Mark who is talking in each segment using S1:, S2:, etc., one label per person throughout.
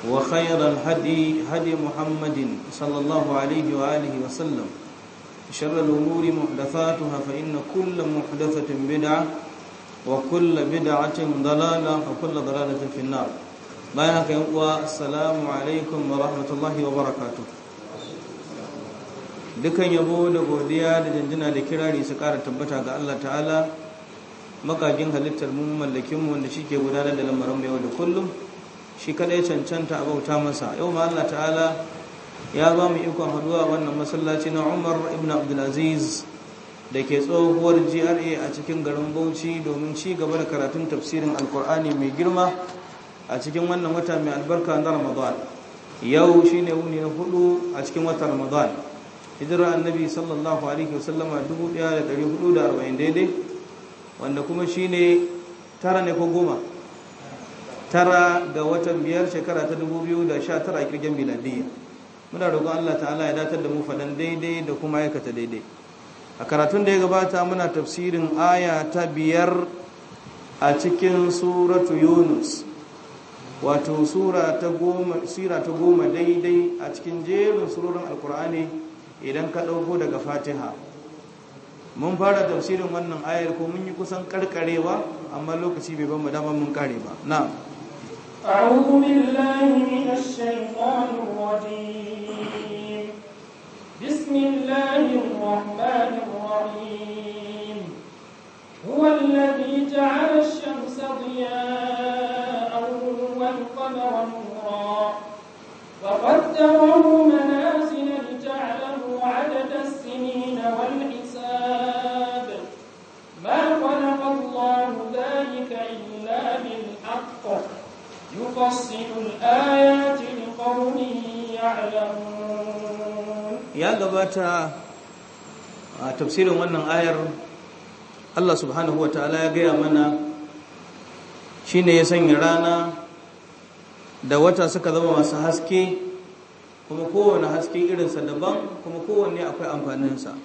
S1: وخير الهدي هدي محمد صلى الله عليه وآله وسلم شر الأمور محدثاتها فإن كل محدثة بدعة وكل بدعة ضلالة وكل ضلالة في النار بارك السلام عليكم ورحمة الله وبركاته dukan yabo da godiya da janjina da kirari su kara tabbata ga Allah ta'ala makagin halittar mu mallakin mu wanda shike gudanar da lamarin yau da kullum shi kadai cancanta a bauta masa yau ma Allah ta'ala ya ba mu ikon haduwa wannan masallaci na Umar ibn Abdulaziz da ke tsohuwar GRA a cikin garin Bauchi domin ci gaba da karatun tafsirin Alkur'ani mai girma a cikin wannan wata mai albarka na Ramadan yau shine wuni na hudu a cikin watan Ramadan hijira annabi sallallahu alaihi wasallama 1440 daidai wanda kuma shine tara ne ko goma tara ga watan biyar shekara ta 2019 a kirgin miladiyya muna roƙon Allah ta'ala ya datar da mu faɗan daidai da kuma aikata daidai a karatun da ya gabata muna tafsirin aya ta biyar a cikin suratu yunus wato sura ta goma daidai a cikin jerin surorin alkur'ani idan ka ɗauko daga fatiha mun fara tafsirin wannan ayar ko mun yi kusan karkarewa amma lokaci bai ban mu dama mun kare ba na'am
S2: أعوذ بالله من الشيطان الرجيم بسم الله الرحمن الرحيم هو الذي جعل الشمس ضياء والقمر نورا وقدره منازل
S1: ya gabata a tafsirin wannan ayar Allah subhanahu wa ya gaya mana shi ne ya sanya rana da wata suka zama masu haske kuma kowane haske irinsa daban kuma kowane akwai amfaninsa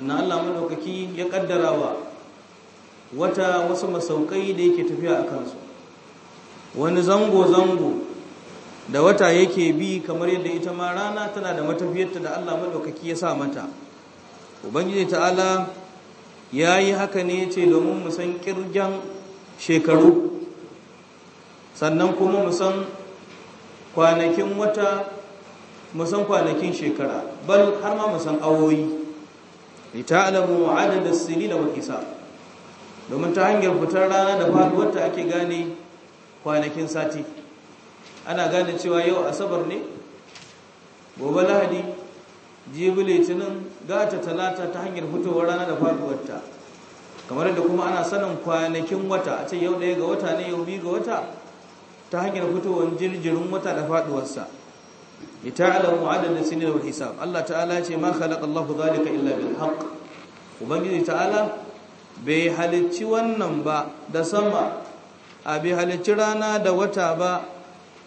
S1: sannan Allah maɗaukaki ya ƙaddara wa wata wasu masaukai da yake tafiya a kansu wani zango-zango da wata yake bi kamar yadda ita ma rana tana da matafiyarta da Allah maɗaukaki ya sa mata ubangiji ta'ala ya yi haka ne ce domin musan ƙirgen shekaru sannan kuma musan kwanakin wata musan kwanakin shekara bal har ma musan awoyi lita'lamu adada as-sinina wal hisab domin ta hanyar fitar rana da faduwar ta ake gane kwanakin sati ana gane cewa yau asabar ne gobe lahadi jibi litinin gata talata ta hanyar fitowar rana da ta kamar da kuma ana sanin kwanakin wata a ce yau ɗaya ga wata ne yau biyu ga wata ta hanyar fitowar jirgin wata da faduwarsa ita alamu adadin sini da hisab Allah ta'ala ce ma khalaqallahu zalika illa bil haqq ubangiji ta'ala bai halicci wannan ba da sama a bai halicci rana da wata ba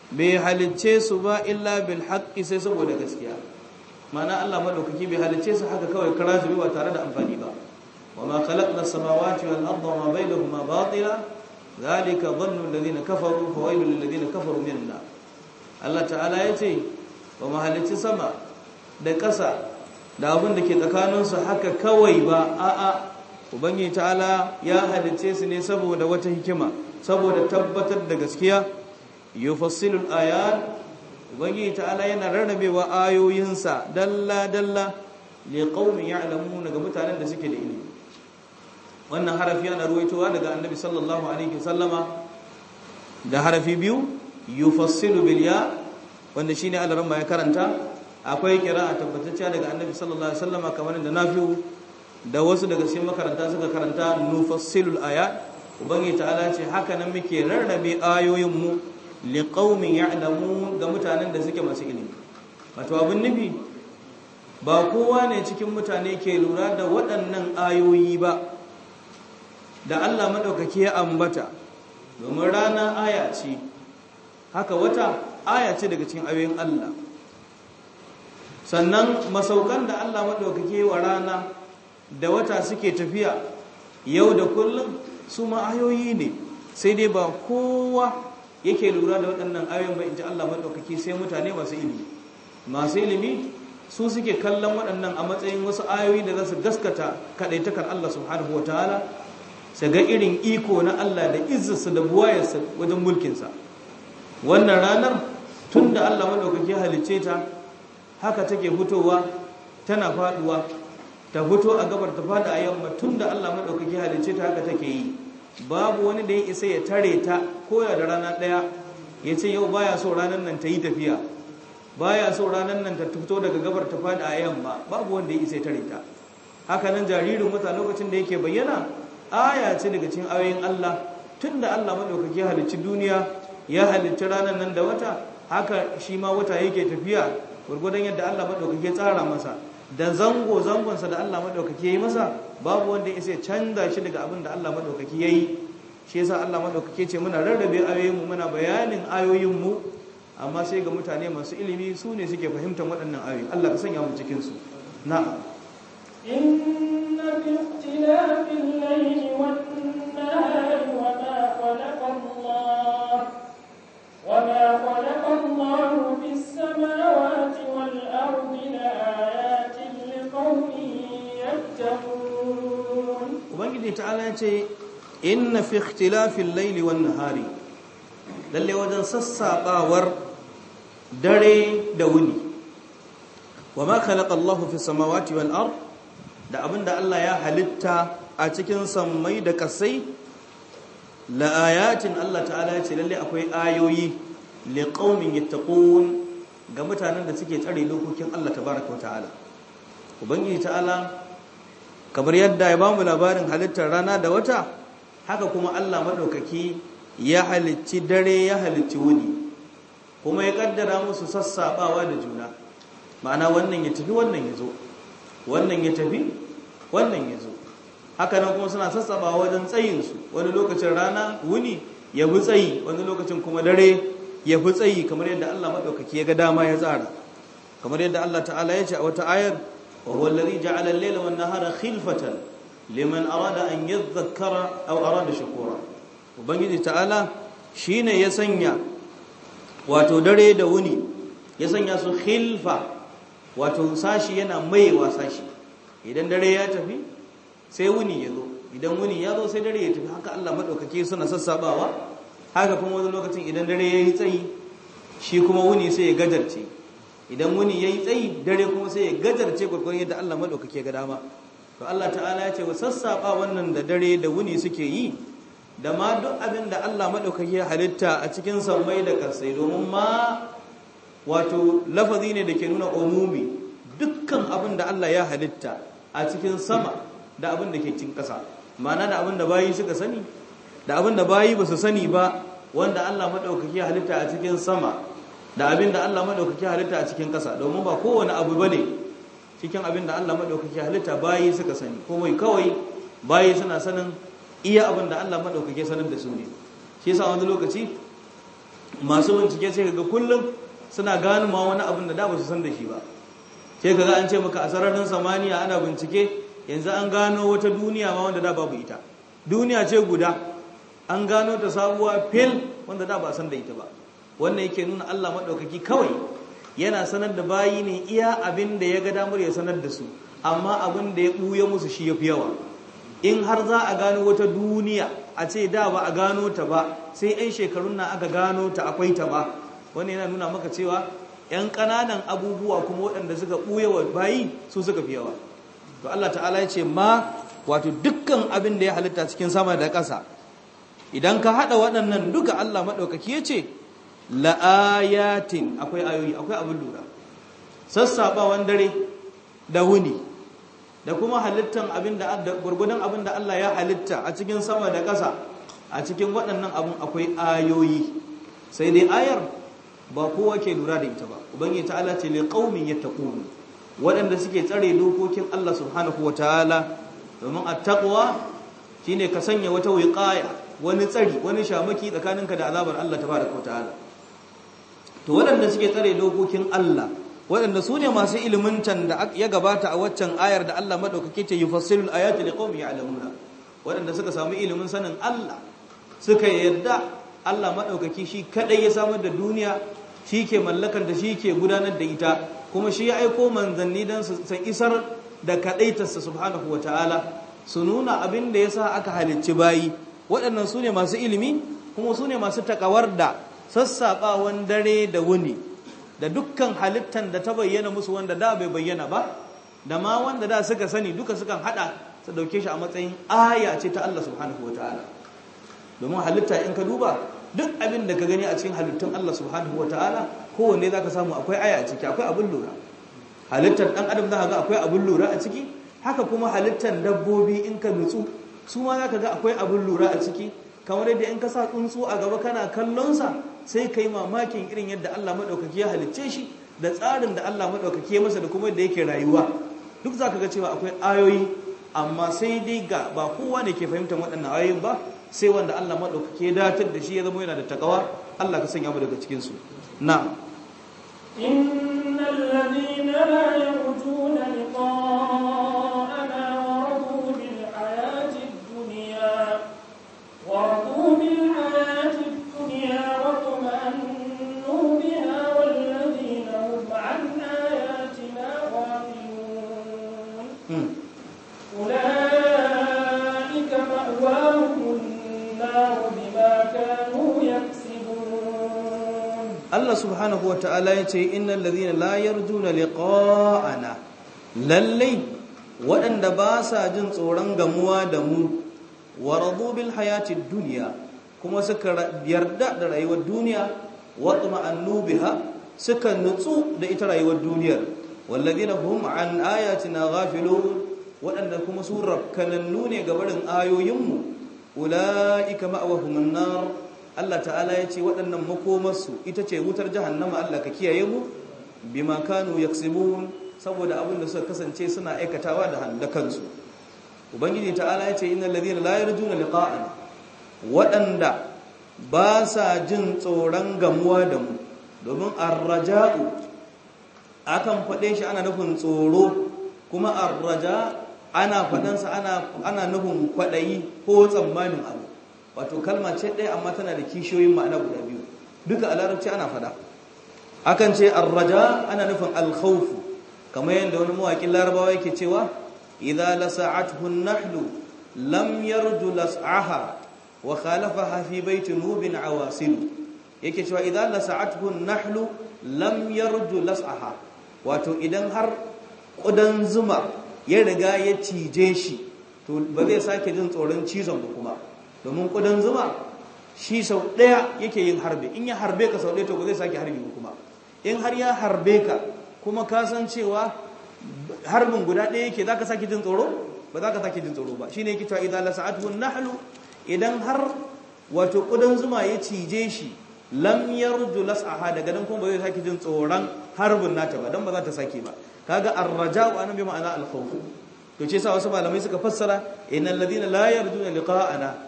S1: bi halicce su ba illa bil haqqi sai saboda gaskiya mana Allah madaukaki bi halicce su haka kawai kara su ba tare da amfani ba wama khalaqna samawati wal arda wama bainahuma batila zalika dhannu alladhina kafaru fa waylul alladhina kafaru minna Allah ta'ala ya ce, wa halicci sama da ƙasa da abin da ke tsakaninsu haka kawai ba a'a ubangi ta'ala ya halicce su ne saboda wata hikima saboda tabbatar da gaskiya yufassilul ayat ubangiji ta'ala yana rarrabewa ayoyinsa dalla dalla liqaumin ya'lamuna ga mutanen da suke da ilimi wannan harafi yana ruwaitowa daga annabi sallallahu alaihi wasallama da harafi biyu yufassilu bil ya wanda shine alaran ya karanta akwai kira'a tabbatacciya daga annabi sallallahu alaihi wasallama kamar da nafi'u da wasu daga cikin makaranta suka karanta nufassilul ayat ubangi ta'ala ce haka nan muke rarrabe ayoyin mu liqaumin ya'lamu ga mutanen da suke masu ilimi wato abin nufi ba kowa ne cikin mutane ke lura da waɗannan ayoyi ba da Allah madaukake ya ambata domin rana aya ce haka wata aya ce daga cikin ayoyin Allah sannan masaukan da Allah madaukake wa rana da wata suke tafiya yau da kullum su ma ayoyi ne sai dai ba kowa yake lura da waɗannan ayoyin ba in ji Allah maɗaukaki sai mutane masu ilimi masu ilimi su suke kallon waɗannan a matsayin wasu ayoyi da za su gaskata kaɗaitakar Allah subhanahu wa ta'ala su ga irin iko na Allah da izinsa da buwayarsa wajen mulkinsa wannan ranar tun da Allah maɗaukaki halicce ta haka take hutowa tana faɗuwa ta fito a gabar ta fada a yamma tun da Allah madaukaki halicce ta haka take yi babu wani da ya isa ya tare ta koya da rana ɗaya, ya ce yau baya so ranar nan ta yi tafiya baya so ranar nan ta fito daga gabar ta fada a yamma babu wanda ya isa ya tare ta haka nan jaririn wata lokacin da yake bayyana aya ce daga cikin ayoyin Allah tun da Allah madaukaki halicci duniya ya halicci ranar nan da wata haka shi ma wata yake tafiya gurgudan yadda Allah madaukaki ya tsara masa da zango zangonsa da Allah maɗaukaki ya yi masa babu wanda ya sai canza shi daga abin da Allah ya yayi shi yasa Allah maɗaukaki ce muna rarrabe ayoyinmu, muna bayanin ayoyinmu. amma sai ga mutane masu ilimi su ne suke fahimtar waɗannan ayoyi Allah ka sanya mu cikin su na'am
S2: inna fi ikhtilafil layli wan nahari
S1: Ubangiji ta'ala ya ce inna fi ikhtilafil layli wan nahari lalle wajen sassabawar dare da wuni wama khalaqa Allahu fi samawati wal ard da abinda Allah ya halitta a cikin samai da kasai la Allah ta'ala ya ce lalle akwai ayoyi li qaumin yattaqun ga mutanen da suke tsare dokokin Allah tabaaraka ta'ala ubangiji ta'ala kamar yadda ya bamu labarin halittar rana da wata haka kuma Allah maɗaukaki ya halicci dare ya halicci wuni kuma ya kaddara musu sassabawa da juna ma'ana wannan ya tafi wannan ya zo wannan ya tafi wannan ya zo haka nan kuma suna sassabawa wajen tsayinsu wani lokacin rana wuni ya fi tsayi wani lokacin kuma dare ya fi tsayi kamar yadda Allah madaukaki ya ga dama ya tsara kamar yadda Allah ta'ala ya ce a wata ayar وهو الذي جعل الليل والنهار خلفة liman arada an yadhakkara aw arada shukura ubangiji ta'ala shine ya sanya wato dare da wuni ya sanya su khilfa wato sashi yana maiwa sashi idan dare ya tafi sai wuni ya zo idan wuni ya zo sai dare ya tafi haka Allah madaukake suna sassabawa haka kuma wani lokacin idan dare ya yi tsayi shi kuma wuni sai ya gajarce idan wani yayi tsayi dare kuma sai ya gajarce gurgurin yadda Allah madaukake ke ga dama to Allah ta'ala ya ce wa sassafa wannan da dare da wuni suke yi da ma duk abin da Allah madaukake ya halitta a cikin sammai da kasai domin ma wato lafazi ne da ke nuna omumi? dukkan abin da Allah ya halitta a cikin sama da abin da ke cikin ƙasa ma'ana da abin da bayi suka sani da abin da bayi ba su sani ba wanda Allah madaukake ya halitta a cikin sama da abin da Allah maɗaukaki halitta a cikin ƙasa domin ba kowane abu ba ne cikin abin da Allah maɗaukaki halitta bayi suka sani komai kawai bayi suna sanin iya abin da Allah maɗaukaki sanin da su ne shi yasa wani lokaci masu bincike sai kaga kullum suna gano ma wani abin da da ba su san da shi ba sai kaga an ce maka a sararin samaniya ana bincike yanzu an gano wata duniya ma wanda da babu ita duniya ce guda an gano ta sabuwa fil wanda da ba san da ita ba wannan yake nuna Allah maɗaukaki kawai yana sanar da bayi ne iya abin da ya ga damar ya sanar da su amma abin da ya buya musu shi ya fi yawa in har za a gano wata duniya a ce da ba a gano ta ba sai 'yan shekarun na aka gano ta akwai ta ba wani yana nuna maka cewa 'yan ƙananan abubuwa kuma waɗanda suka ɓuya wa bayi su suka fi yawa to Allah ta'ala ya ce ma wato dukkan abin da ya halitta cikin sama da ƙasa idan ka haɗa waɗannan duka Allah maɗaukaki ya ce la'ayatin akwai ayoyi akwai abin lura sassaɓawan dare da wuni da kuma halittan abin abin da Allah ya halitta a cikin sama da ƙasa a cikin waɗannan abin akwai ayoyi sai dai ayar ba kowa ke lura da ita ba ubangiji ta'ala ce li qaumin yattaqun waɗanda suke tsare dokokin Allah subhanahu wataala domin at shi ne ka sanya wata wiqaya wani tsari wani shamaki tsakaninka da azabar Allah tabaraka wataala to waɗanda suke tsare dokokin Allah waɗanda su ne masu ilimin can da ya gabata a waccan ayar da Allah maɗaukake ce yufassilul ƙaumi ya alamuna, waɗanda suka samu ilimin sanin Allah suka yarda Allah maɗaukaki shi kaɗai ya samar da duniya shi ke mallakar da shi ke gudanar da ita kuma shi ya aiko manzanni don su san isar da kaɗaitarsa subhanahu wa ta'ala su nuna abin da ya sa aka halicci bayi waɗannan su ne masu ilimi kuma su ne masu takawar da sassaɓawan dare da wuni da dukkan halittan da ta bayyana musu wanda da bai bayyana ba da ma wanda da suka sani duka sukan hada su dauke shi a matsayin aya ce ta Allah subhanahu wataala domin halitta in ka duba duk abin da ka gani a cikin halittun Allah subhanahu wataala kowanne zaka samu akwai aya a ciki akwai abin lura halittar dan adam zaka ga akwai abin lura a ciki haka kuma halittar dabbobi in ka nutsu su ma zaka ga akwai abin lura a ciki kamar yadda in ka sa tsuntsu a gaba kana kallon sa sai ka yi mamakin irin yadda Allah maɗaukaki ya halicce shi da tsarin da Allah maɗaukaki ya masa da kuma yadda yake rayuwa duk za ka ga cewa akwai ayoyi amma sai dai ga ba kowa ne ke fahimtar waɗannan ayoyin ba sai wanda Allah maɗaukaki ya datar da shi ya zama yana da takawa Allah ka sanya mu daga cikinsu na'am subhanahu wa ta'ala ya ce innal ladhina la yarjuna liqa'ana lallai waɗanda ba sa jin tsoron gamuwa da mu wa bil hayati dunya kuma suka yarda da rayuwar duniya wa tuma'annu biha suka nutsu da ita rayuwar duniyar wallazina hum an ayatina ghafilun waɗanda kuma su rafkanannu ne ga barin ayoyinmu ula'ika ma'awahumun nar Allah ta'ala ya ce waɗannan makomarsu ita ce wutar jahannama Allah ka kiyaye mu makanu ya yaksibun saboda abin da suka kasance suna aikatawa da kansu. ubangiji ta'ala ya ce innal ladhina layar juna liqa'ana waɗanda ba sa jin tsoron gamuwa da mu domin arraja'u akan faɗe shi ana nufin tsoro kuma arraja ana faɗansa ana nufin kwaɗayi ko tsammanin abu wato kalma ce ɗaya amma tana da kishiyoyin ma'ana guda biyu duka a larabci ana fada akan ce arraja ana nufin alkhawfu kamar yadda wani mawakin larabawa yake cewa idza lasa'athu an-nahlu lam yarju las'aha wa khalafaha fi bayti nubin awasil yake cewa idza lasa'athu an-nahlu lam yarju las'aha wato idan har kudan zuma ya riga ya cije shi to ba zai sake jin tsoron cizon ba kuma domin ƙudan zuma shi sau ɗaya yake yin harbe in ya harbe ka sau ɗaya to ku zai sake harbi kuma in har ya harbe ka kuma ka san cewa harbin guda daya yake za ka sake jin tsoro ba za ka sake jin tsoro ba shi ne yake cewa idan lasa'atu nahlu idan har wato ƙudan zuma ya cije shi lam yarju las daga nan kuma ba zai sake jin tsoron harbin nata ba dan ba za ta sake ba kaga ar-raja'u anan bi ma'ana al-khawf to ce sa wasu malamai suka fassara innal ladina la yarjuna liqa'ana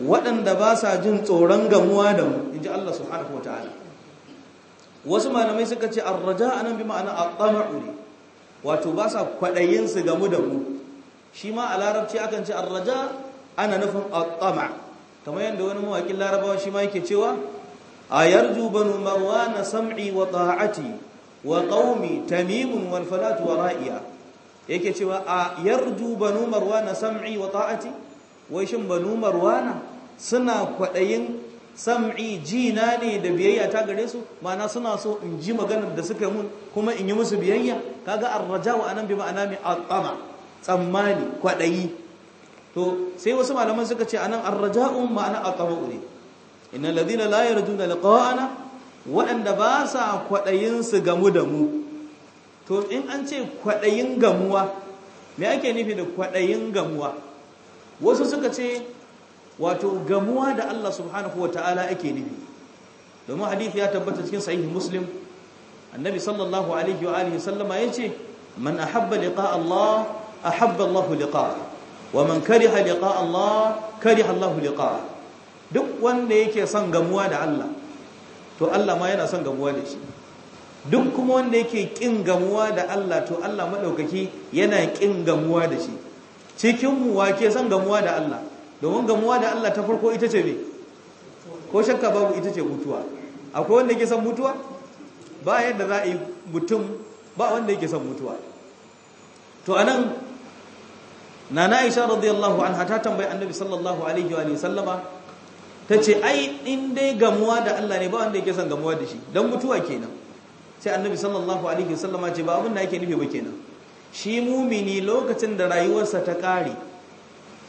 S1: waɗanda ba sa jin tsoron gamuwa da mu inji Allah subhanahu wataala wasu malamai suka ce a nan bi ma'ana at-tama'u ne wato ba sa kwadayin gamu da mu shi ma a larabci akan ce arraja ana nufin at-tama' kamar yadda wani mawakin larabawa shi ma yake cewa A ayarju banu na sam'i wa ta'ati wa ƙaumi tamimun wal falatu wa ra'iya yake cewa a ayarju banu na sam'i wa ta'ati wai shin banu marwana suna kwaɗayin sam'i jina ne da biyayya ta gare su ma'ana suna so in ji maganar da suka mun kuma in yi musu biyayya kaga arraja wa anan bi ma'ana mai atama tsammani kwaɗayi to sai wasu malaman suka ce anan arraja'un ma'ana atama ne innal ladina la yarjuna liqa'ana waɗanda ba sa kwaɗayin su gamu da mu to in an ce kwaɗayin gamuwa me ake nufi da kwaɗayin gamuwa wasu suka ce wato gamuwa da Allah subhanahu wa ta'ala ake nufi domin hadith ya tabbata cikin sahih muslim annabi sallallahu alaihi wa alihi sallama yace man ahabba liqa Allah ahabba Allah liqa wa man kariha liqa Allah kariha Allah liqa duk wanda yake son gamuwa da Allah to Allah ma yana son gamuwa da shi duk kuma wanda yake kin gamuwa da Allah to Allah madaukaki yana kin gamuwa da shi cikin mu wake san gamuwa da Allah domin gamuwa da Allah ta farko ita ce ne ko shakka babu ita ce mutuwa akwai wanda yake san mutuwa ba yadda za a yi mutum ba wanda yake san mutuwa to anan nana Aisha radiyallahu anha ta tambayi Annabi sallallahu alaihi wa sallama ce ai in dai gamuwa da Allah ne ba wanda yake san gamuwa da shi dan mutuwa kenan sai Annabi sallallahu alaihi wa sallama ce ba abin da yake nufi ba kenan shi mumini lokacin da rayuwarsa ta ƙare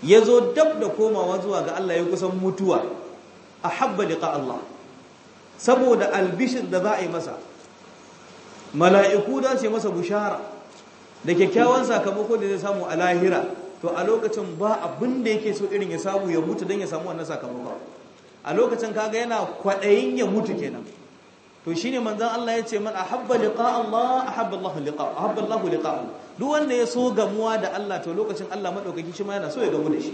S1: ya zo dab da komawa zuwa ga Allah ya kusan mutuwa a habba liƙa Allah saboda albishin da za a yi masa mala'iku da ce masa bushara da kyakkyawan sakamako da zai samu a lahira to a lokacin ba abin da yake so irin ya samu ya mutu don ya samu wannan sakamako a lokacin kaga yana kwaɗayin ya mutu kenan to shine manzon Allah yace man ahabba liqa Allah ahabba Allah liqa ahabba Allah liqa duk wanda ya so gamuwa da Allah to lokacin Allah madaukaki shi ma yana so ya gamu da shi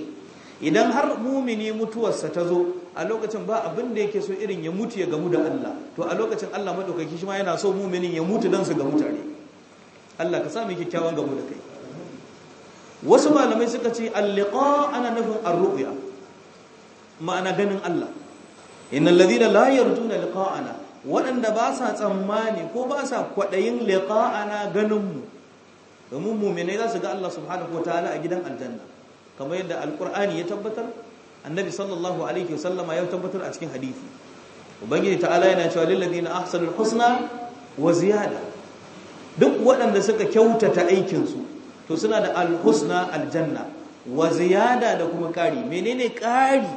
S1: idan har mumini mutuwarsa ta zo a lokacin ba abin da yake so irin ya mutu ya gamu da Allah to a lokacin Allah madaukaki shi ma yana so muminin ya mutu dan su gamu tare Allah ka sa mu kyakkyawan gamu da kai wasu malamai suka ce al-liqa ana nufin ar-ru'ya ma'ana ganin Allah innal ladina la yarjuna liqa'ana waɗanda ba sa tsammani ko ba sa kwaɗayin liqa'ana ganinmu domin muminai za su ga Allah subhanahu wa ta'ala a gidan aljanna kamar yadda Alƙur'ani ya tabbatar annabi sallallahu alaihi wasallama ya tabbatar a cikin hadisi ubangiji ta'ala yana cewa lil ladina ahsanul husna wa ziyada duk waɗanda suka kyautata aikin su to suna da alhusna aljanna wa ziyada da kuma kari menene ƙari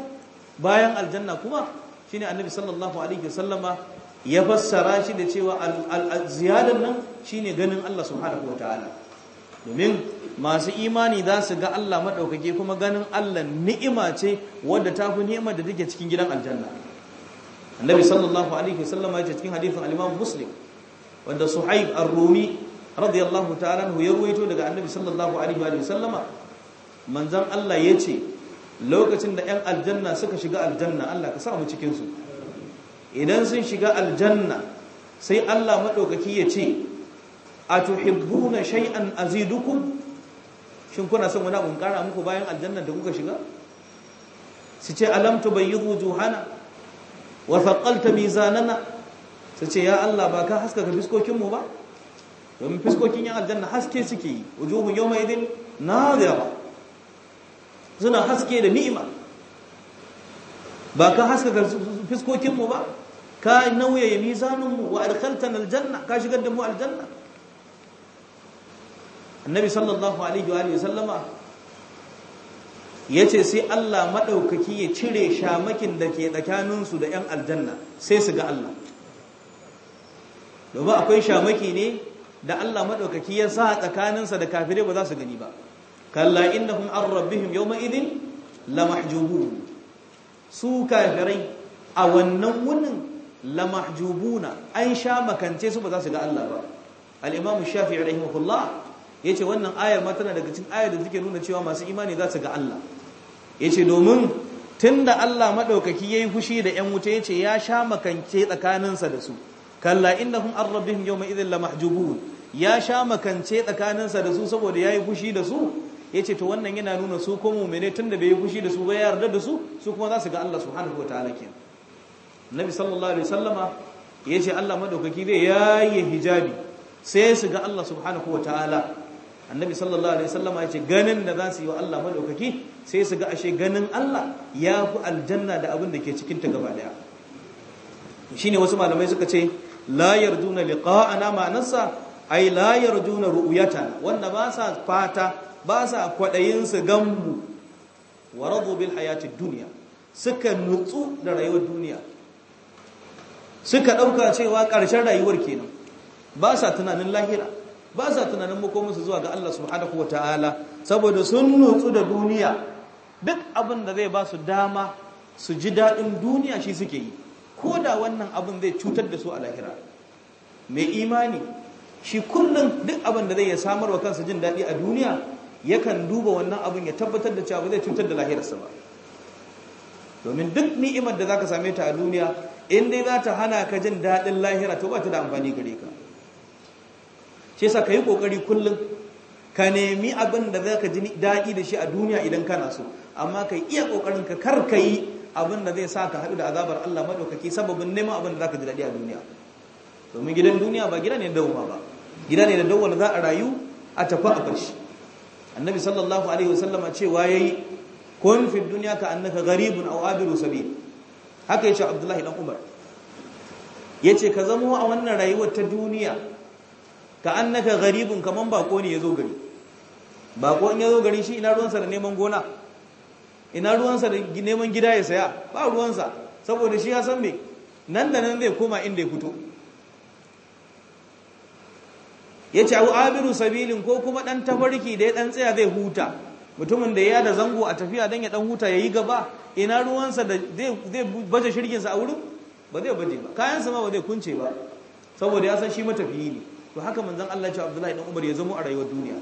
S1: bayan aljanna kuma shine annabi sallallahu alaihi wasallama ya fassara shi da cewa ziyadar nan shi ne ganin Allah subhanahu ta'ala domin masu imani za su ga Allah maɗaukake kuma ganin Allah ni'ima ce wadda ta fi ni'imar da take cikin gidan aljanna annabi sallallahu alaihi wasallam ya ce cikin hadisin al-Imam Muslim wanda Suhaib ar-Rumi radiyallahu ta'ala ya ruwaito daga annabi sallallahu alaihi wa manzon Allah yace lokacin da 'yan aljanna suka shiga aljanna Allah ka sa mu cikin su idan sun shiga aljanna sai Allah maɗaukaki ya ce a tuhibbuna shay'an azidukum shin kuna son wani abun ƙara muku bayan aljannan da kuka shiga su ce alam tubayyidu juhana wa thaqalta mizanana su ce ya Allah ba ka haskaka fiskokin mu ba domin fiskokin yan aljanna haske suke yi wujuhun yawma idin nadira suna haske da ni'ima ba ka haskaka fiskokin mu ba ka nauyaye mizaninmu wa adkhaltana aljanna ka shigar da mu aljanna annabi sallallahu alaihi wa alihi sallama yace sai Allah madaukaki ya cire shamakin da ke tsakanin su da yan aljanna sai su ga Allah domin akwai shamaki ne da Allah madaukaki ya sa tsakaninsa da kafirai ba za su gani ba kalla innahum an rabbihim yawma idhin lamahjubun su kafirai a wannan wunin la mahjubuna an sha makance su ba za su ga Allah ba al-imam shafi'i rahimahullah yace wannan ayar ma tana daga cikin ayar da take nuna cewa masu imani za su ga Allah yace domin tunda Allah madaukaki yayi fushi da ƴan wuta yace ya sha makance tsakaninsa da su kalla innahum an rabbihim yawma idhil la mahjubun ya sha makance tsakaninsa da su saboda yayi fushi da su yace to wannan yana nuna su ko mu'mine tunda bai yi fushi da su ba ya yarda da su su kuma za su ga Allah subhanahu wataala kenan annabi sallallahu alaihi wasallama yace Allah madaukaki zai yaye hijabi sai su ga Allah subhanahu wataala annabi sallallahu alaihi wasallama yace ganin da za su yi wa Allah madaukaki sai su ga ashe ganin Allah ya fi aljanna da abin da ke cikin ta gaba daya shine wasu malamai suka ce la yarduna liqa'ana ma'anarsa ai la yarduna ru'yatana wanda ba sa fata ba sa kwadayin su gammu waradu bil hayati dunya suka nutsu da rayuwar duniya suka ɗauka cewa ƙarshen rayuwar kenan ba sa tunanin lahira ba sa tunanin makomansu zuwa ga Allah subhanahu wa ta'ala saboda sun nutsu da duniya duk abin da zai ba su dama su ji daɗin duniya shi suke yi ko da wannan abin zai cutar da su a lahira mai imani shi kullum duk abin da zai ya samar wa kansa jin daɗi a duniya yakan duba wannan abin ya tabbatar da cewa zai cutar da lahirarsa ba domin duk ni'imar da zaka same ta a duniya in dai za ta hana ka jin daɗin lahira to ba ta da amfani gare ka shi yasa ka yi ƙoƙari kullum ka nemi abin da za ji daɗi da shi a duniya idan kana so amma kai iya ƙoƙarin ka kar ka yi abin da zai sa ka haɗu da azabar Allah maɗaukaki sababin neman abin da za ka ji daɗi a duniya domin gidan duniya ba gida ne da dawoma ba gida ne da dawoma za a rayu a tafi a ƙarshe annabi sallallahu alaihi wasallama cewa yayi kun fi duniya ka annaka gharibun aw abiru sabil haka yace abdullahi dan umar yace ka zamo a wannan rayuwar ta duniya ka annaka gharibun kaman bako ne yazo gari bako in yazo gari shi ina ruwansa da neman gona ina ruwansa da neman gida ya saya ba ruwansa saboda shi ya san me nan da nan zai koma inda ya fito yace aw abiru sabilin ko kuma dan tafarki da ya dan tsaya zai huta mutumin da ya da zango a tafiya don ya dan huta ya yi gaba ina ruwansa da zai baje shirginsa a wurin ba zai baje ba kayansa ma ba zai kunce ba saboda ya san shi matafiyi ne to haka manzan Allah ya Abdullahi dan Umar ya zama a rayuwar duniya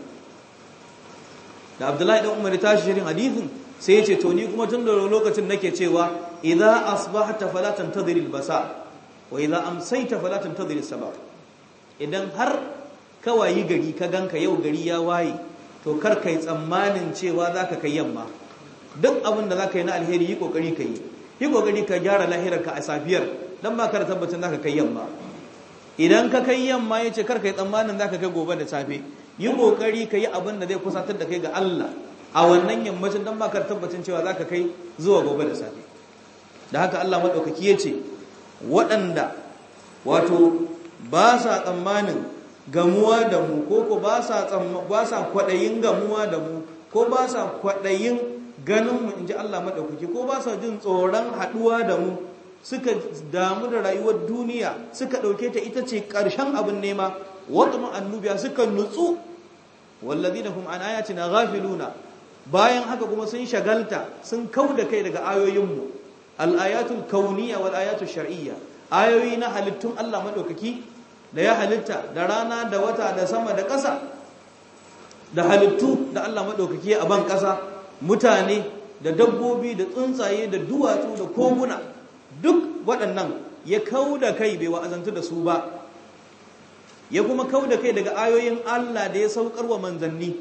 S1: da Abdullahi dan Umar ya tashi shirin hadisin sai ya ce to ni kuma tun da lokacin nake cewa idza asbahta fala tantadhiril albasa wa idza amsayta fala sabah idan har kawai gari ka ganka yau gari ya waye to kar kai tsammanin cewa za ka kai yamma duk abin da za ka yi na alheri yi kokari ka yi yi kokari ka gyara lahirarka a safiyar don ba ka da tabbacin za ka kai yamma idan ka kai yamma ya ce kar kai tsammanin za ka kai gobe da safe yi kokari ka yi abin da zai kusantar da kai ga Allah a wannan yammacin don ba ka da tabbacin cewa za ka kai zuwa gobe da safe da haka Allah maɗaukaki yace waɗanda wato ba sa tsammanin gamuwa da mu ko ko ba sa kwaɗayin gamuwa da mu ko ba sa kwaɗayin ganin mu inji ji Allah maɗaukaki ko ba sa jin tsoron haɗuwa da mu suka damu da rayuwar duniya suka ɗauke ta ita ce karshen abin nema wadum annubiya suka nutsu walladina hum kuma an ayatina na bayan haka kuma sun shagalta sun kau da kai daga ayoyinmu ayatul kauniya wal ayatul shar'iyya ayoyi na halittun Allah maɗaukaki da ya halitta da rana da wata da sama da ƙasa da halittu da Allah maɗaukaki a ban ƙasa mutane da dabbobi da tsuntsaye da duwatsu da koguna duk waɗannan ya kau da kai bai wa'azantu da su ba ya kuma kauda kai daga ayoyin Allah da ya saukar wa manzanni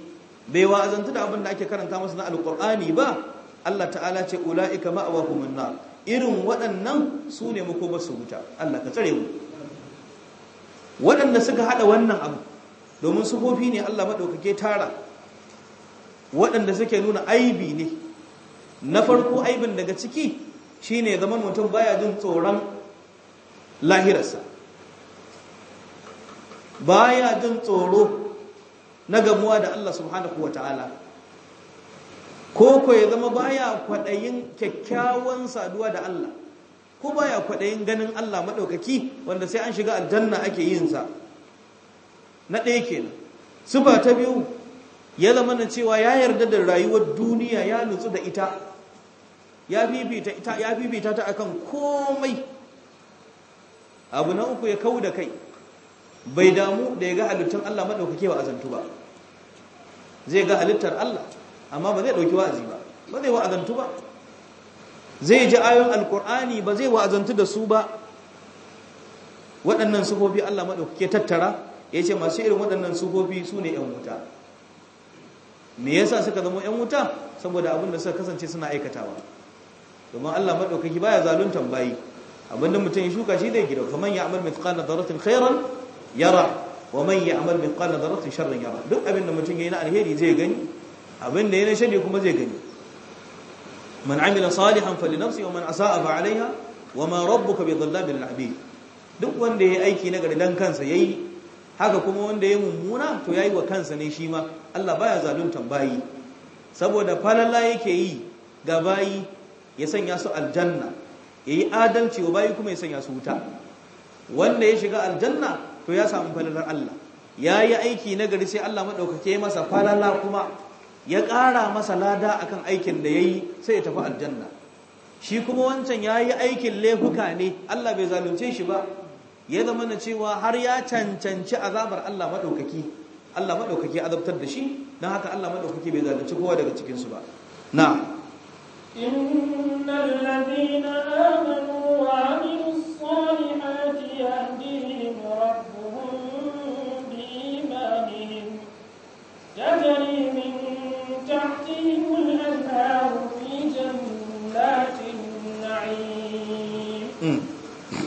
S1: bai wa'azantu da abin da ake karanta masu na alƙur'ani ba Allah ta'ala ce ula'ika ma'awahumun nar irin waɗannan su ne makobar su wuta Allah ka tsare mu waɗanda suka haɗa wannan abu domin sufofi ne Allah maɗaukake tara waɗanda suke nuna aibi ne na farko aibin daga ciki shine zama mutum baya jin tsoron lahirarsa baya jin tsoro na gamuwa da Allah subhanahu wataala ko ko ya zama baya kwaɗayin kyakkyawan saduwa da Allah ko baya kwaɗayin ganin Allah maɗaukaki wanda sai an shiga aljanna ake yin sa na ɗaya kenan sifa ta biyu ya zama na cewa ya yarda da rayuwar duniya ya nutsu da ita ya bibita ita ya bibita ta akan komai abu na uku ya kawo da kai bai damu da ya ga halittar Allah maɗaukaki wa azantu ba zai ga halittar Allah amma ba zai ɗauki wa'azi ba ba zai wa'azantu ba zai ji ayoyin alkur'ani ba zai wa'azantu da su ba waɗannan sufofi Allah maɗaukake tattara ya ce masu irin waɗannan sufofi su ne ‘yan wuta me yasa suka zama ‘yan wuta saboda abin da suka kasance suna aikatawa domin Allah maɗaukaki baya zalun bayi abin da mutum ya shuka shi zai gida faman ya amal tsakanin dharratin khairan yara wa man ya amal mithqala dharratin yara duk abin da mutum ya yi na alheri zai gani abin da ya na shari kuma zai gani man amila salihan falinafsi wa man asaa fa alaiha wa ma rabbuka bidhallabil abid duk wanda yayi aiki na gari dan kansa yayi haka kuma wanda yayi mummuna to yayi wa kansa ne shi ma Allah baya zalunta bayi saboda falalla yake yi ga bayi ya sanya su aljanna yayi adalci wa bayi kuma ya sanya su wuta wanda ya shiga aljanna to ya samu falalar Allah yayi aiki na gari sai Allah madaukake masa falala kuma ya ƙara masa lada a kan aikin da ya yi sai ya tafi aljanna shi kuma wancan ya yi aikin laifuka ne Allah bai zalunce shi ba ya zama na cewa har ya cancanci azabar Allah maɗaukaki Allah maɗaukaki azabtar da shi don haka Allah maɗaukaki bai zalunci kowa daga cikinsu ba na
S2: تحتهم الأنهار في جنات النعيم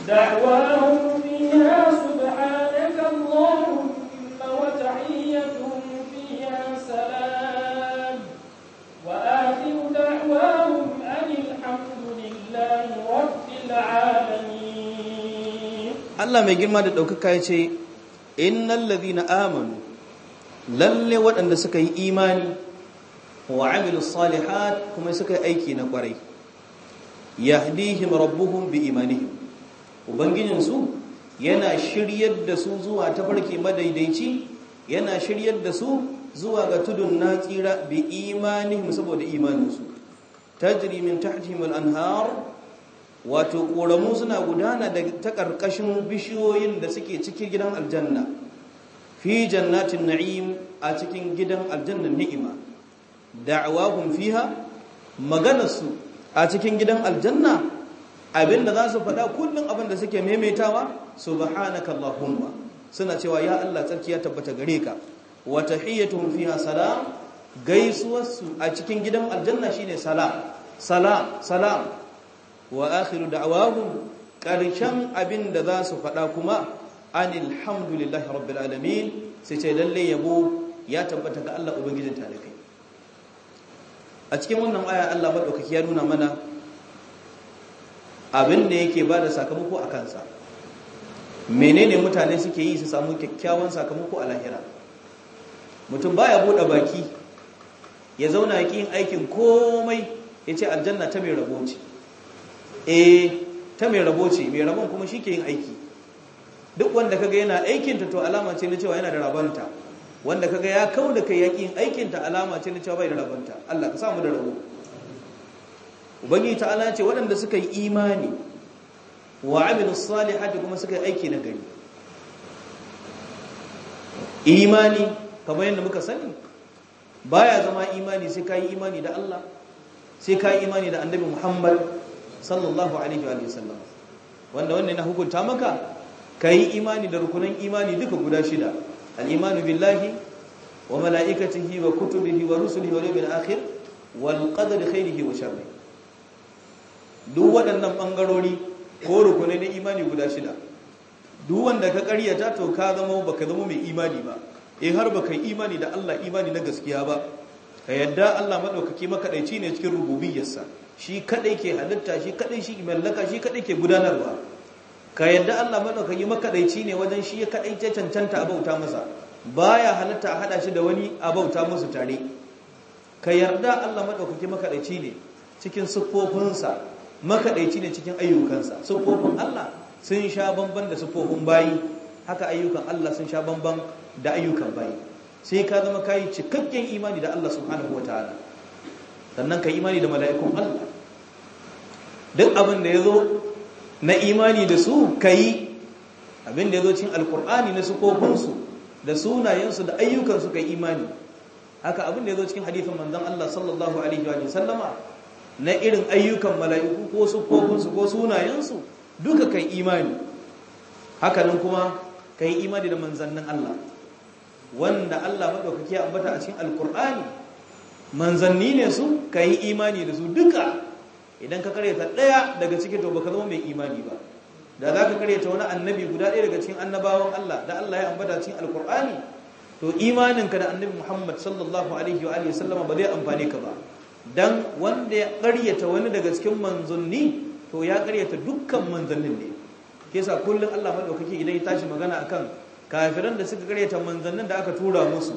S1: دعواهم فيها
S2: سبحانك اللهم وتحيتهم فيها سلام وآخر دعواهم أن الحمد لله رب العالمين
S1: الله ما يجمع دوكا يا innal ladina amanu lalle waɗanda suka yi imani wa amilu salihat kuma suka aiki na kwarai yahdihim rabbuhum bi imanihim ubangijin su yana shiryar da su zuwa tafarki madaidaici yana shiryar da su zuwa ga tudun na tsira bi imanihim saboda imaninsu tajri min tahtihim al-anhar wato ƙoramu suna gudana da ta ƙarƙashin bishiyoyin da suke cikin gidan aljanna fi jannatin na'im a cikin gidan aljannan ni'ima da'awahum fiha maganarsu a cikin gidan aljanna abinda za su faɗa kullum abinda suke maimaitawa subhanaka suna cewa ya Allah tsarki ya tabbata gare ka wa tahiyyatuhum fiha salam gaisuwarsu a cikin gidan aljanna shine salam salam salam wa akhiru da'awahum karshen abinda za su faɗa kuma anil hamdulillahi rabbil alamin sai ce lalle yabo ya tabbata ga Allah ubangijin talakai a cikin wannan aya Allah maɗaukaki ya nuna mana abin da yake ba da sakamako a kansa menene mutane suke yi su samu kyakkyawan sakamako a lahira mutum ba ya buɗe baki ya zauna ya yin aikin komai ya ce aljanna ta mai rabo ce eh ta mai rabo ce mai rabon kuma shi ke yin aiki duk wanda kaga yana aikinta to alama ce na cewa yana da rabonta wanda kaga ya kau da kai yakin aikin ta alama ce na cewa bai da rabanta Allah ka samu da rabo ubangiji ta'ala ce waɗanda suka yi imani wa amilus salihati kuma suka yi aiki na gari imani kamar yadda muka sani baya zama imani sai ka yi imani da Allah sai ka yi imani da annabi Muhammad sallallahu alaihi wa sallam wanda wannan na hukunta maka ka yi imani da rukunan imani duka guda shida al-imanu billahi wa mala'ikatihi wa kutubihi wa rusulihi wal yawmil akhir wal duk waɗannan ɓangarori, ko rukunai na imani guda shida duk wanda ka ƙaryata to ka zama ka zama mai imani ba eh har baka imani da Allah imani na gaskiya ba ka yadda Allah madaukaki makadaici ne cikin rububiyyarsa shi kaɗai ke halitta shi kaɗai shi mallaka shi kaɗai ke gudanarwa ka yadda Allah yi makadaici ne wajen shi ya ce, cancanta a bauta masa baya halatta a hada shi da wani a bauta musu tare ka yarda Allah madaukaki makadaici ne cikin siffofinsa makadaici ne cikin ayyukansa siffofin Allah sun sha bamban da siffofin bayi haka ayyukan Allah sun sha bamban da ayyukan bayi sai ka zama kai cikakken imani da Allah subhanahu wataala sannan ka imani da mala'ikun Allah duk abin da ya zo na imani da su kai abin da ya zo cin alkur'ani na sukofinsu da sunayensu da ayyukansu kai imani haka abin da ya zo cikin hadifin manzan Allah sallallahu alaihi wa sallama na irin ayyukan mala'iku ko sukofinsu ko sunayensu duka kai imani Haka nan kuma kai imani da manzannin Allah wanda Allah maɗaukaki ambata a cikin alkur'ani manzanni ne su kai imani da su duka idan ka karyata daya daga cikin to baka zama mai imani ba da za ka karyata wani annabi guda ɗaya daga cikin annabawan Allah da Allah ya ambata cikin alkur'ani to imanin ka da annabi Muhammad sallallahu alaihi wa sallama ba zai amfane ka ba dan wanda ya karyata wani daga cikin manzanni to ya karyata dukkan manzannin ne kesa kullum Allah madaukake idan ya tashi magana akan kafiran da suka karyata manzannin da aka tura musu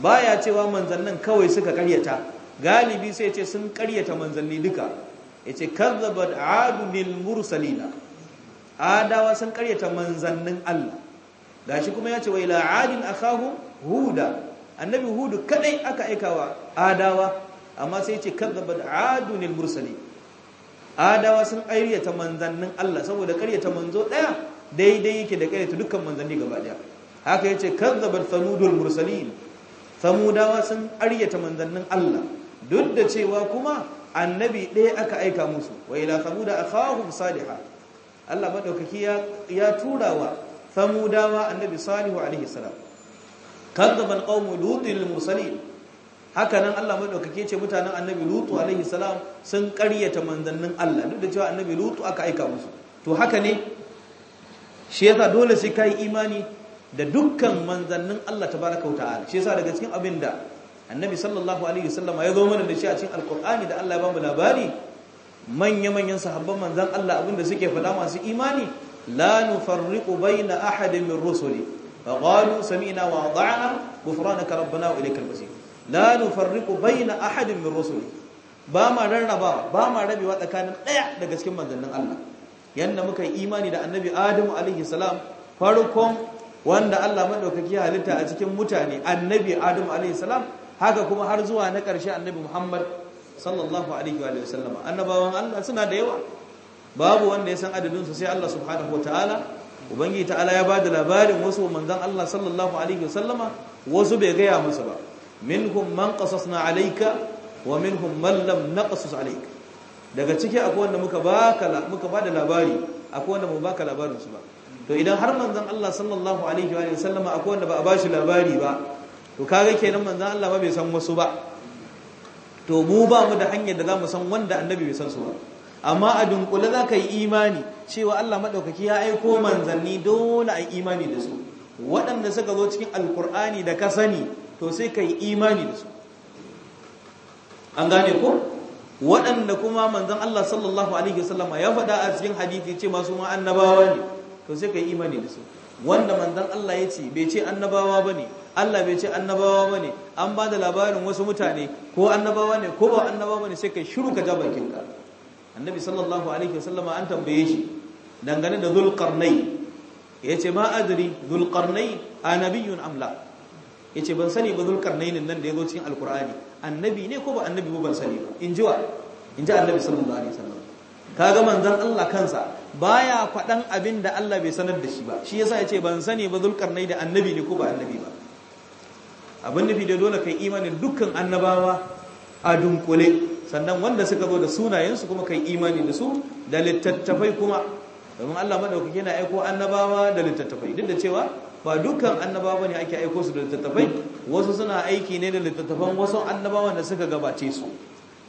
S1: baya cewa manzannin kawai suka karyata galibi sai ya ce sun karyata manzanni duka yace kazzabat adu lil mursalina adawa sun karyata manzannin Allah gashi kuma yace wa ila adin akahu huda annabi hudu kadai aka aikawa adawa amma sai yace kazzabat adu lil mursalin adawa sun karyata manzannin Allah saboda karyata manzo daya daidai yake da karyata dukkan manzanni gaba daya haka yace kazzabat samudul mursalin samudawa sun karyata manzannin Allah duk da cewa kuma annabi ɗaya aka aika musu wa ila samuda akhahum saliha Allah madaukaki ya ya turawa samudawa annabi salihu alaihi salam kadzaban qaumu lutil mursalin haka nan Allah madaukaki ce mutanen annabi lutu alaihi salam sun ƙaryata manzannin Allah duk da cewa annabi lutu aka aika musu to haka ne shi yasa dole sai kai imani da dukkan manzannin Allah ta baraka ta'ala shi yasa daga cikin abinda annabi sallallahu alaihi wasallam ya zo mana da shi a cikin alkur'ani da Allah ya mu labari manya manyan sahabban manzon Allah abinda suke faɗa masu imani la nufarriqu baina ahadin min rusuli fa qalu sami'na wa ata'na ghufranaka rabbana wa ilaykal masir la nufarriqu baina ahadin min rusuli ba ma rarraba ba ma rabewa tsakanin daya daga cikin manzannin Allah yanda muka yi imani da annabi Adamu alaihi salam farkon wanda Allah madaukaki halitta a cikin mutane annabi Adamu alaihi salam haka kuma har zuwa na ƙarshe annabi Muhammad sallallahu alaihi wa sallama annabawan Allah suna da yawa babu wanda ya san adadin su sai Allah subhanahu wataala ubangi ta'ala ya bada labarin wasu manzon Allah sallallahu alaihi wa sallama wasu bai gaya musu ba minhum man qasasna alayka wa minhum man lam naqsus alayka daga ciki akwai wanda muka baka muka bada labari akwai wanda mu baka labarin su ba to idan har manzon Allah sallallahu alaihi wa sallama akwai wanda ba a bashi labari ba to kaga kenan manzon Allah ba bai san wasu ba to mu ba mu da hanyar da za mu san wanda annabi bai san su ba amma a dunkule za ka yi imani cewa Allah maɗaukaki ya aiko manzanni dole a yi imani da su waɗanda suka zo cikin alkur'ani da ka sani to sai ka yi imani da su an gane ko waɗanda kuma manzan Allah sallallahu alaihi wasallama ya faɗa a cikin hadisi ce masu ma annabawa ne to sai ka yi imani da su wanda manzan Allah ya ce bai ce annabawa ne. Allah bai ce annabawa ne an ba da labarin wasu mutane ko annabawa ne ko ba annabawa ne sai ka shiru ka ja annabi sallallahu alaihi wasallama an tambaye shi dangane da zulqarnai yace ma adri zulqarnai nabiyun am la yace ban sani ba ne nan da yazo cikin alqur'ani annabi ne ko ba annabi ba ban sani ba In ji wa? In ji annabi sallallahu alaihi wasallam
S2: kaga manzon
S1: Allah kansa baya fadan abin da Allah bai sanar da shi ba shi yasa yace ban sani ba zulkarnai da annabi ne ko ba annabi ba abin nufi da dole kai imanin dukkan annabawa a dunkule sannan wanda suka zo da sunayensu kuma kai imani da su da littattafai kuma domin Allah madaukake yana aiko annabawa da littattafai duk da cewa ba dukkan annabawa ne ake aiko su da littattafai wasu suna aiki ne da littattafan wasu annabawan da suka gabace su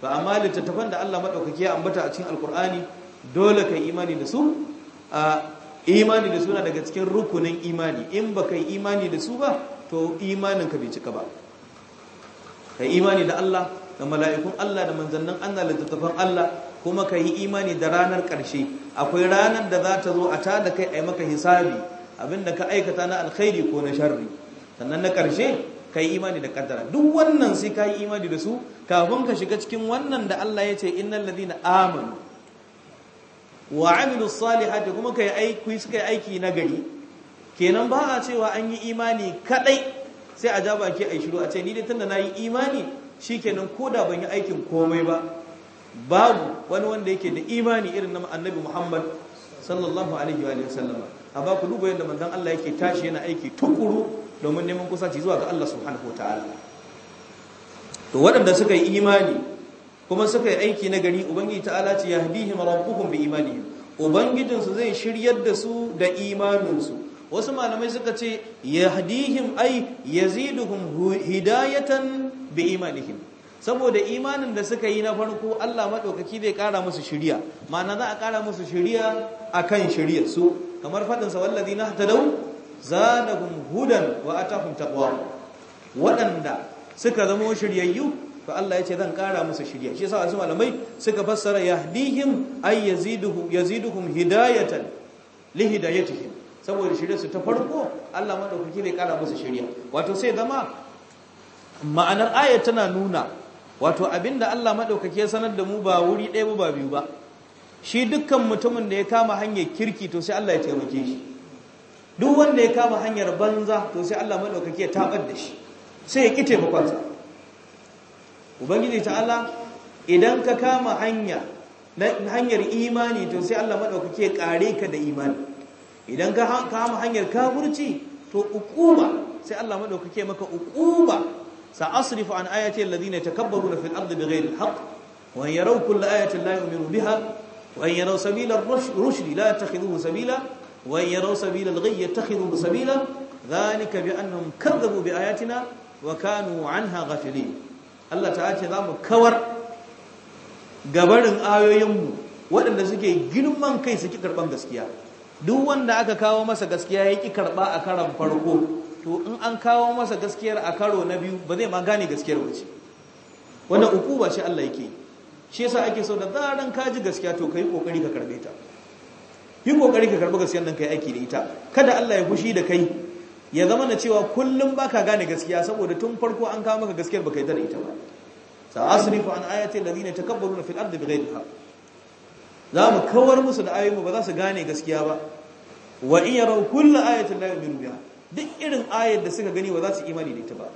S1: fa amma littattafan da Allah madaukaki ya ambata a cikin alkur'ani dole kai imani da su a imani da su na daga cikin rukunin imani in baka yi imani da su ba to imanin bai cika ba kai imani da Allah da mala'ikun Allah da manzannin Allah littattafan Allah kuma ka imani da ranar karshe akwai ranar da za ta zo a ta da kai ai maka hisabi abinda ka aikata na alkhairi ko na sharri sannan na karshe ka yi imani da kaddara duk wannan sai ka yi imani da su kafin ka shiga cikin wannan da Allah ya ce innal ladina amanu wa amilus salihati kuma kai aiki suka yi aiki na gari kenan ba a cewa an yi imani kadai sai a ja ke a shiru a ce ni dai tunda na yi imani shikenan da ban yi aikin komai ba babu wani wanda yake da imani irin na annabi Muhammad sallallahu alaihi wa sallam a ba ku duba yadda manzon Allah yake tashi yana aiki tukuru domin neman kusanci zuwa ga Allah subhanahu wataala to waɗanda suka yi imani kuma suka yi aiki na gari ubangiji ta'ala ce yahdihim rabbuhum bi imanihim ubangijinsu zai shiryar da su da imaninsu wasu malamai suka ce yahdihim ay yaziduhum hidayatan bi imanihim saboda imanin da suka yi na farko Allah madaukaki zai kara musu shiriya ma'ana za a kara musu shiriya akan shiriyar su kamar fadin sa wallazina tadaw zanahum hudan wa atahum taqwa waɗanda suka zama shiryayyu to Allah ya ce zan ƙara musu shirya shi yasa wasu malamai suka fassara yahdihim ay yaziduhum yaziduhum hidayatan li hidayatihim saboda shirya su ta farko Allah madaukaki zai ƙara musu shirya wato sai zama ma'anar ayat tana nuna wato abinda Allah madaukaki ya sanar da mu ba wuri ɗaya ba biyu ba shi dukkan mutumin da ya kama hanyar kirki to sai Allah ya taimake shi duk wanda ya kama hanyar banza to sai Allah madaukaki ya tabar da shi sai ya kite bakonsa ubangiji ta'ala idan ka kama hanya hanyar imani to sai Allah madaukaki ya kare ka da imani idan ka kama hanyar kafirci to uquba sai Allah madaukaki maka sa sa'asrifu an ayati alladhina yatakabbaruna fil ardi bighayri alhaq wa yaraw kull ayatin la yu'minu biha wa yaraw sabila ar-rushd la yattakhidhuhu sabila ويروا سبيل الغي يتخذوا سبيلا ذلك بأنهم كذبوا بآياتنا وكانوا عنها غافلين الله تعالى ذا kawar gabarin ayoyinmu waɗanda suke girman kai suke karban gaskiya duk wanda aka kawo masa gaskiya ya ki karba a karan farko to in an kawo masa gaskiyar a karo na biyu ba zai ma gane gaskiyar wace wannan ukuba ce Allah yake shi yasa ake so da zaran kaji gaskiya to kai kokari ka karbe ta yi kokari ka karbi gaskiyar nan kai aiki da ita kada Allah ya fushi da kai ya zama na cewa kullum baka gane gaskiya saboda tun farko an kama maka gaskiyar baka yarda da ita ba sa asrifu an ayati alladhina takabbaruna fil ardi bighayri haqq za mu kawar musu da ayoyin ba za su gane gaskiya ba wa in yaraw kullu ayatin la yu'minu biha duk irin ayar da suka gani ba za su imani da ita ba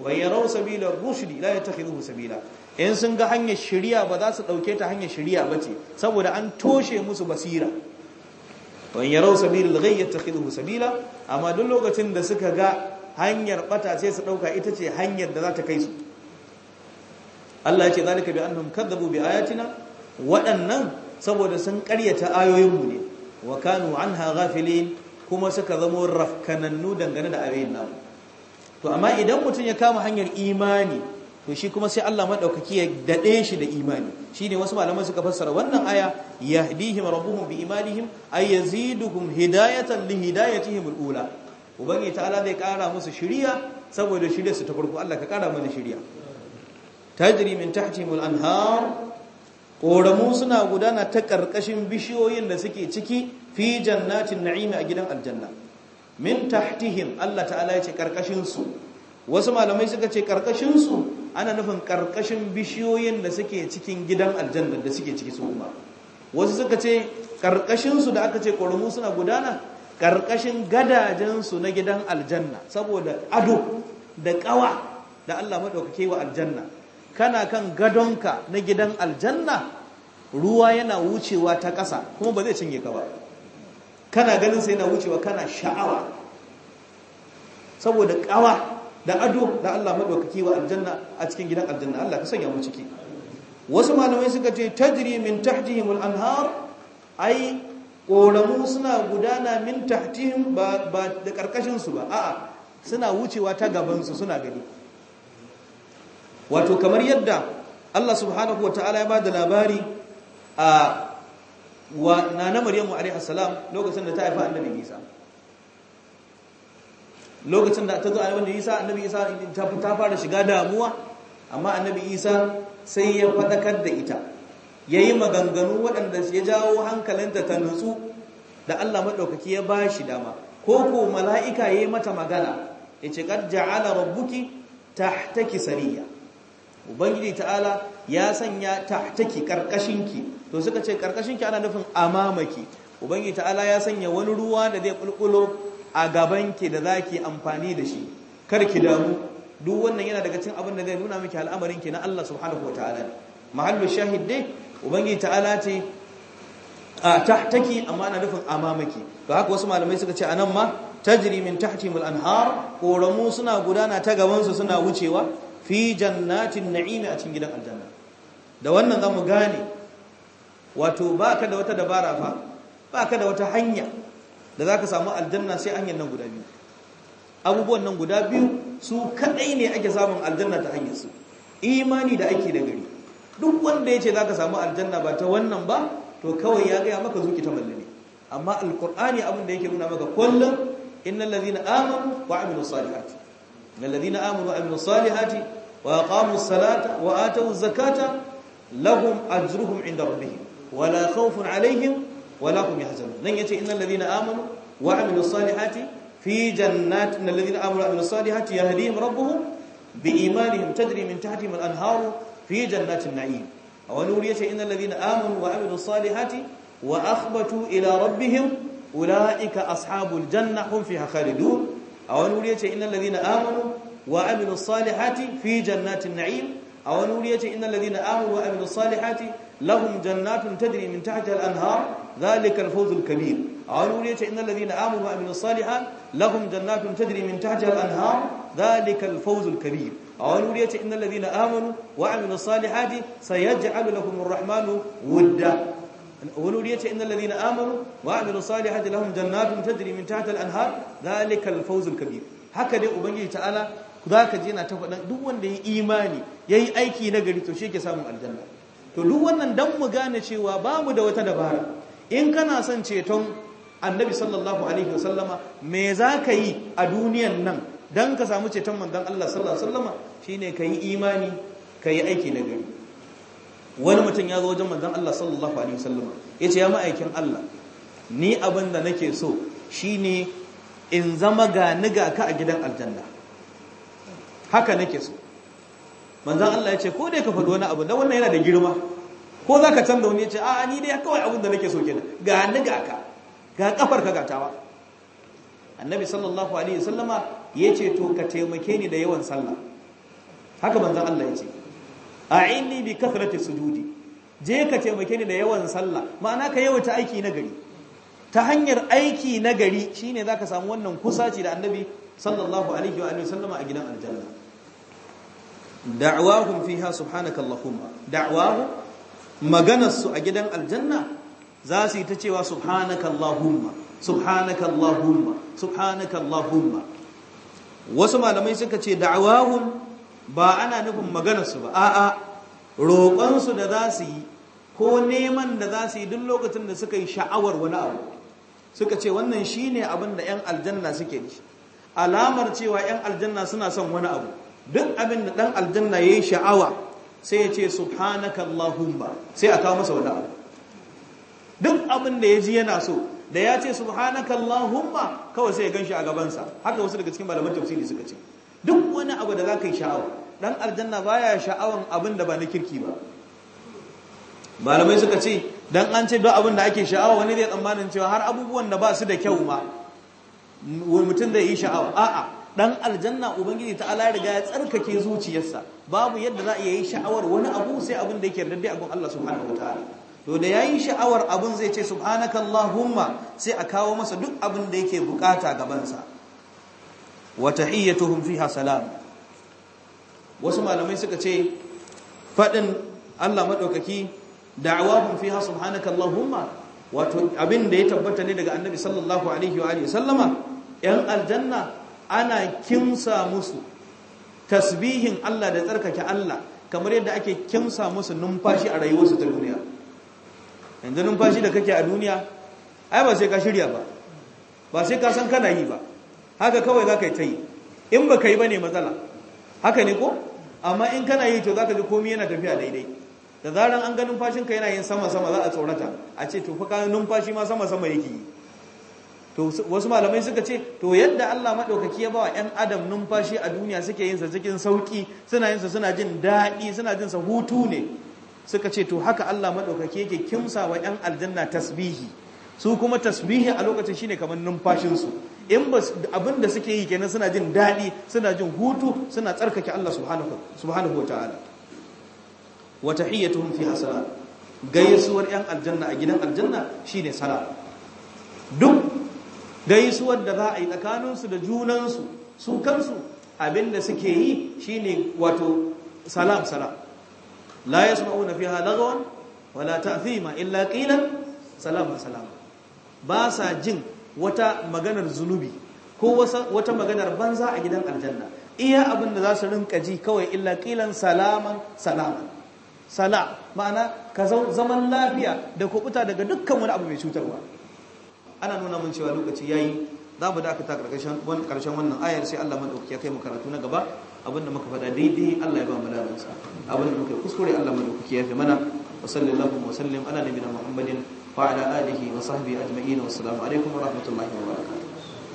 S1: wa yaraw sabila rushdi la yattakhidhuhu sabila in sun ga hanyar shari'a ba za su dauke ta hanyar ba ce saboda an toshe musu basira wani sabila sabilil ghayy yattakhidhu sabila amma duk lokacin da suka ga hanyar bata sai su dauka ita ce hanyar da za ta kai su Allah ya ce zalika bi annahum kadzabu bi ayatina waɗannan saboda sun ƙaryata ayoyinmu ne wa kanu anha ghafilin kuma suka zamo rafkanannu dangane da ayoyin namu to amma idan mutum ya kama hanyar imani to shi kuma sai Allah madaukaki ya dade shi da imani shine wasu malaman suka fassara wannan aya yahdihim rabbuhum bi imanihim ay yaziduhum hidayatan li hidayatihim alula ubangi ta'ala zai kara musu shiriya saboda shirya su ta farko Allah ka kara mana shiriya tajri min tahtihim al koramu suna gudana ta karkashin bishiyoyin da suke ciki fi jannatin na'imi a gidan aljanna min tahtihim Allah ta'ala ya ce karkashin su wasu malamai suka ce karkashin su ana nufin ƙarƙashin bishiyoyin da suke cikin gidan aljanna da suke ciki su kuma wasu suka ce karkashin su da aka ce ƙoramu suna gudana ƙarƙashin gadajensu na gidan aljanna saboda ado da ƙawa da Allah madaukake wa aljanna kana kan gadonka na gidan aljanna ruwa yana wucewa ta ƙasa kuma ba zai cinye ka ba kana ganin sai yana wucewa kana sha'awa saboda ƙawa da ado da Allah madaukaki wa aljanna a cikin gidan aljanna Allah ka sanya mu ciki wasu malamai suka ce tajri min tahtihim al-anhar ai koramu suna gudana min tahtihim ba da karkashin su ba a'a suna wucewa ta gaban su suna gani
S2: wato kamar yadda
S1: Allah subhanahu wataala ya ba da labari a wa nana Maryamu alaihi salam lokacin da ta haifa annabi Isa lokacin da ta zo annabi isa annabi isa ta fara shiga damuwa amma annabi isa sai ya fadakar da ita yayi maganganu waɗanda ya jawo hankalinta ta nutsu da Allah maɗaukaki ya bashi dama ko ko mala'ika yayi mata magana yace qad ja'ala rabbuki tahtaki sariya ubangiji ta'ala ya sanya tahtaki karkashinki to suka ce karkashinki ana nufin amamaki ubangiji ta'ala ya sanya wani ruwa da zai bulbulo a gabanki da za ki amfani da shi kar ki damu duk wannan yana daga cin abin da zai nuna miki al'amarinki na Allah subhanahu wa ta'ala mahallu shahid dai ubangi ta'ala ce a tahtaki amma ana nufin amamaki to haka wasu malamai suka ce anan ma tajri min tahti mul anhar koramu suna gudana ta gaban su suna wucewa fi jannatin na'im a cikin gidan aljanna da wannan zamu gane wato baka da wata dabara fa baka da wata hanya da za ka samu aljanna sai hanyar nan guda biyu abubuwan nan guda biyu su kadai ne ake samun aljanna ta hanyar su imani da ake da gari duk wanda ya ce za ka samu aljanna ba ta wannan ba to kawai ya gaya maka zuki ta mallane amma alkur'ani abin da yake nuna maka kullum innal ladhina amanu wa amilus salihati innal ladhina amanu wa amilus salihati wa aqamus salata wa atuz zakata lahum ajruhum inda rabbihim wala khawfun alaihim wala hum yahzanun nan yace innal ladina amanu wa amilus salihati fi jannatin alladhina amanu wa amilus salihati yahdihim rabbuhum bi imanihim tajri min tahtihim al anharu fi jannatin na'im a wani wuri yace innal ladina amanu wa amilus salihati wa akhbatu ila rabbihim ulaika ashabul janna hum fiha khalidun a wani wuri yace innal ladina amanu wa amilus salihati fi jannatin na'im a wani wuri yace innal ladina amanu wa amilus salihati lahum jannatun tajri min tahtiha al anhar ذلك الفوز الكبير قالوا ليش إن الذين آمنوا وعملوا الصالحات لهم جنات تجري من تحتها الأنهار ذلك الفوز الكبير قالوا ليش إن الذين آمنوا وعملوا الصالحات سيجعل لهم الرحمن ودا قالوا ليش إن الذين آمنوا وعملوا الصالحات لهم جنات تجري من تحتها الأنهار ذلك الفوز الكبير هكذا أبنجي تعالى ذاك جينا تفضل دون دي إيماني يأي أيكي نقري تشيك سامو الجنة to duk wannan dan mu gane cewa bamu da wata dabara in kana son ceton annabi sallallahu alaihi wasallama me za ka yi a duniyan nan don ka samu ceton mandan Allah sallallahu alaihi wasallama ne ka yi imani ka yi aiki na gari wani mutum ya zo wajen mandan Allah sallallahu alaihi wasallama ce ya ma'aikin Allah ni abin da nake so shi ne in zama ga ka a gidan aljanna haka nake so manzon Allah ya ce ko dai ka faɗi wani abu da wannan yana da girma ko za ka canza wani ya ce a ni dai kawai abin da nake so kenan ga ni ga ka ga kafar ka gatawa annabi sallallahu alaihi wasallama ya ce to ka taimake ni da yawan sallah haka manzon Allah ya ce a inni bi kathrati sujudi je ka taimake ni da yawan sallah ma'ana ka yawaita aiki na ta hanyar aiki na gari shine zaka samu wannan kusa kusaci da annabi sallallahu alaihi wa sallama a gidan aljanna da'awahum fiha subhanakallahumma da'awahum maganarsu a gidan aljanna za su yi ta cewa subhanakallahumma subhanakallahumma subhanakallahumma wasu malamai suka ce da'awahum ba ana nufin maganarsu ba a'a roƙonsu da za su yi ko neman da za su yi duk lokacin da suka yi sha'awar wani abu suka ce wannan shine abin da 'yan aljanna suke da alamar cewa 'yan aljanna suna son wani abu duk abin da ɗan aljanna ya yi sha'awa sai ya ce subhanaka allahumma sai a kawo masa wani abu duk abin da ya ji yana so da ya ce subhanaka allahumma kawai sai ya ganshi a gabansa haka wasu daga cikin malaman tafsiri suka ce duk wani abu da za ka yi sha'awa dan aljanna baya sha'awan abin da ba na kirki ba
S2: malamai suka ce
S1: dan an ce duk abin da ake sha'awa wani zai tsammanin cewa har abubuwan da ba su da kyau ma mutum da yi sha'awa a'a dan aljanna ubangiji ta ala riga ya tsarkake zuciyarsa babu yadda za a yi sha'awar wani abu sai abin da yake yarda a gun Allah subhanahu wataala to da yayi sha'awar abun zai ce subhanakallahumma sai a kawo masa duk abin da yake bukata gaban sa wa tahiyyatuhum fiha salam wasu malamai suka ce fadin Allah madaukaki da'awahum fiha subhanakallahumma wato abin da ya tabbata ne daga annabi sallallahu alaihi wa alihi sallama yan aljanna ana kimsa musu tasbihin Allah da tsarkake Allah kamar yadda ake kimsa musu numfashi a rayuwarsu ta duniya yanzu numfashi da kake a duniya ai ba sai ka shirya ba ba sai ka san kana yi ba haka kawai za ka yi ta yi in ba ka yi ba ne matsala haka ne ko amma in kana yi to za ka ji komi yana tafiya daidai da zaran an ga numfashinka yana yin sama-sama za a tsorata a ce to fa numfashi ma sama-sama yake yi to wasu malamai suka ce to yadda Allah madaukaki ya bawa ƴan adam numfashi a duniya suke yin sa cikin sauki suna yin sa suna jin daɗi suna jin sa hutu ne suka ce to haka Allah madaukaki yake kimsa wa ƴan aljanna tasbihi su kuma tasbihi a lokacin shine kamar numfashin su in ba abin da suke yi kenan suna jin daɗi suna jin hutu suna tsarkake Allah subhanahu subhanahu wataala wa tahiyyatuhum fi salam gaisuwar ƴan aljanna a gidan aljanna shine sala duk gaisuwar da za a yi tsakaninsu da junansu su kansu abinda suke yi shine wato salam salam la yasma'una fiha lagwan wala ta'thima illa qilan salam salam ba sa jin wata maganar zunubi ko wata maganar banza a gidan aljanna iya abinda za su rinka ji kawai illa kilan salaman salaman sala ma'ana ka zaman lafiya da kubuta daga dukkan wani abu mai cutarwa ana nuna mun cewa lokaci yayi za mu dakata karkashin karshen wannan ayar sai Allah madaukaki ya kai mu karatu na gaba abinda muka faɗa daidai Allah ya ba mu ladan sa abinda muka kuskure Allah madaukaki ya fi mana wa sallallahu wa sallam ala nabiyina muhammadin wa ala alihi wa sahbihi ajma'in wa assalamu alaikum wa
S2: rahmatullahi wa barakatuh